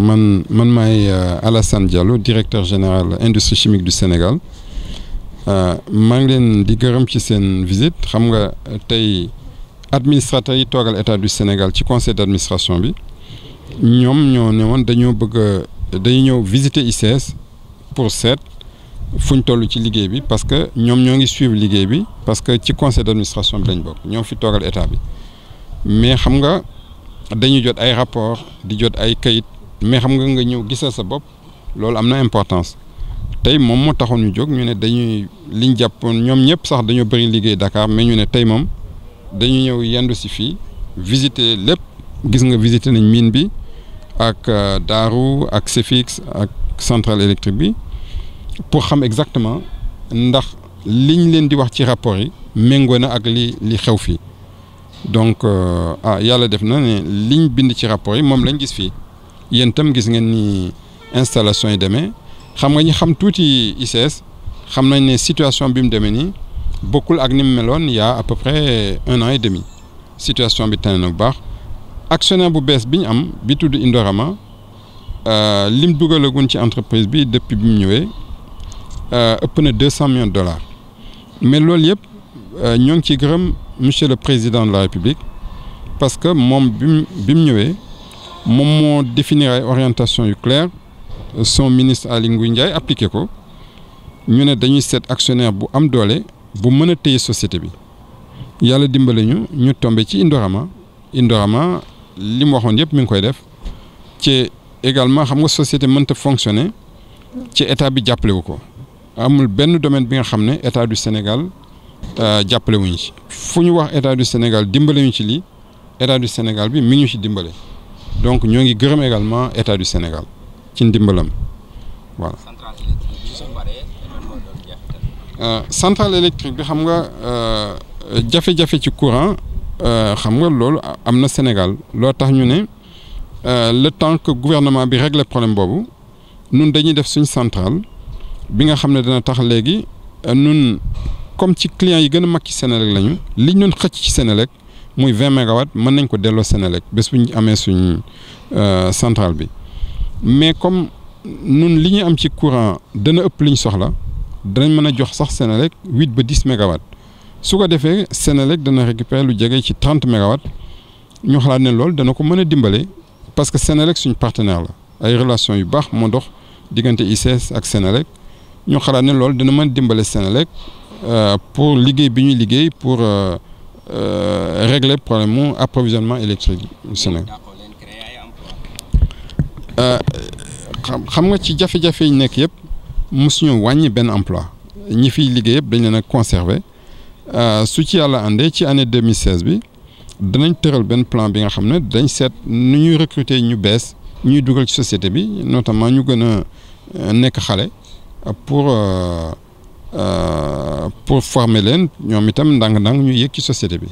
man man maay euh, Alassane Diallo directeur général industrie chimique du Sénégal euh, maa ngi leen di gërëm ci seen visite xam nga tey administrateur yi toogal état du Sénégal ci conseil d'administration bi ñoom ñoo ne woon dañoo bëgg a dañu ñëw visiter ICS pour fu ñu toll ci liggéey bi parce que ñoom ñoo ngi suivre liggéey bi parce que ci conseil d'administration bi lañ bokk ñoo fi toogal état bi mais xam nga dañu jot ay rapport di jot ay kayit mais xam nga nga ñëw gisal sa bopp loolu am na importance tey moom moo taxoon ñu jóg ñu ne dañuy liñ jàppoon ñoom ñëpp sax dañoo bëri liggéey Dakar mais ñu ne tey moom dañu ñëw yendu si fii visiter lépp gis nga visiter nañ miin bi ak euh, Daaru ak Cefix ak centrale électrique bi pour xam exactement ndax liñ leen di wax ci rapport yi méngoo na ak li li xew fii donc euh, ah yàlla def na ne liñ bind ci rapport yi moom lañ gis fii yéen tam gis ngeen ni installation yi demee xam nga ñi xam tuuti ICS xam nañ ni situation bi mu demee nii bokkul ak ni mu meloon il y a à peu près un an et demi situation bi tane na bu baax actionnaire bu bees bi ñu am bi tudd Indorama euh, lim dugalagun ci entreprise bi depuis bi mu ñëwee euh, ëpp na deux cent millions de dollars mais loolu yëpp euh, ñoo ngi ci gërëm monsieur le président de la république parce que moom bi mu bi mu ñëwee. moom moo définir orientation yu claire son ministre Aly Ngouille Ndiaye appliqué ko ñu ne dañuy seet actionnaire bu am doole bu mën a téye société bi yàlla dimbale ñu ñu tombe ci Indorama Indorama li mu waxoon yëpp mu ngi koy def ci également xam nga société mënta fonctionner ci état bi jàppalewu ko amul benn domaine bi nga xam ne état du Sénégal euh, jàppalewuñ ci fu ñu wax état du Sénégal dimbale ñu ci lii état du Sénégal bi mi ngi ñu ci dimbale donc ñoo ngi gërëm également état du Sénégal ci ndimbalam voilà. centrale électrique bi euh, xam nga euh, jafe-jafe ci courant euh, xam nga loolu am na Sénégal loo tax ñu ne le temps que gouvernement bi régler problème boobu nun dañuy def suñ centrale bi nga xam ne dana tax léegi nun comme ci clients yi gën a mag ci Sénélec lañu liñ doon xëcc ci Sénélec muy vingt mégawatts mën nañ ko delloo Sénélec bés bu ñu amee suñ euh, centrale bi mais comme nun li ñuy am ci courant dana ëpp li ñu soxla danañ mën a jox sax Sénélec huit ba dix mégawatts su ko defee Sénélec dana récupérer lu jege ci trente mégawatts ñu xalaat ne loolu dana ko mën a dimbale parce que Sénélec suñ partenaire la ay relation yu baax moo dox diggante ICS ak Sénélec ñu xalaat ne loolu dana mën a dimbale Sénélec euh, pour liggéey bi ñuy liggéey pour. Euh, Euh, régler problème mu approvisionnement électrique bi Sénégal euh, xam nga ci jafe-jafe ñu nekk yëpp mosuñu wàññi benn emploi ñi fiy liggéey yëpp dañ leen a conserver euh, su ci yàlla àndee ci année 2016 bi danañ tëral benn plan bi nga xam ne dañ seet nu ñuy recruter ñu bees ñuy dugal ci société bi notamment ñu gën a nekk xale pour. Euh, Euh, pour former leen ñoom itam ndànk-ndànk ñu yëg ci société bi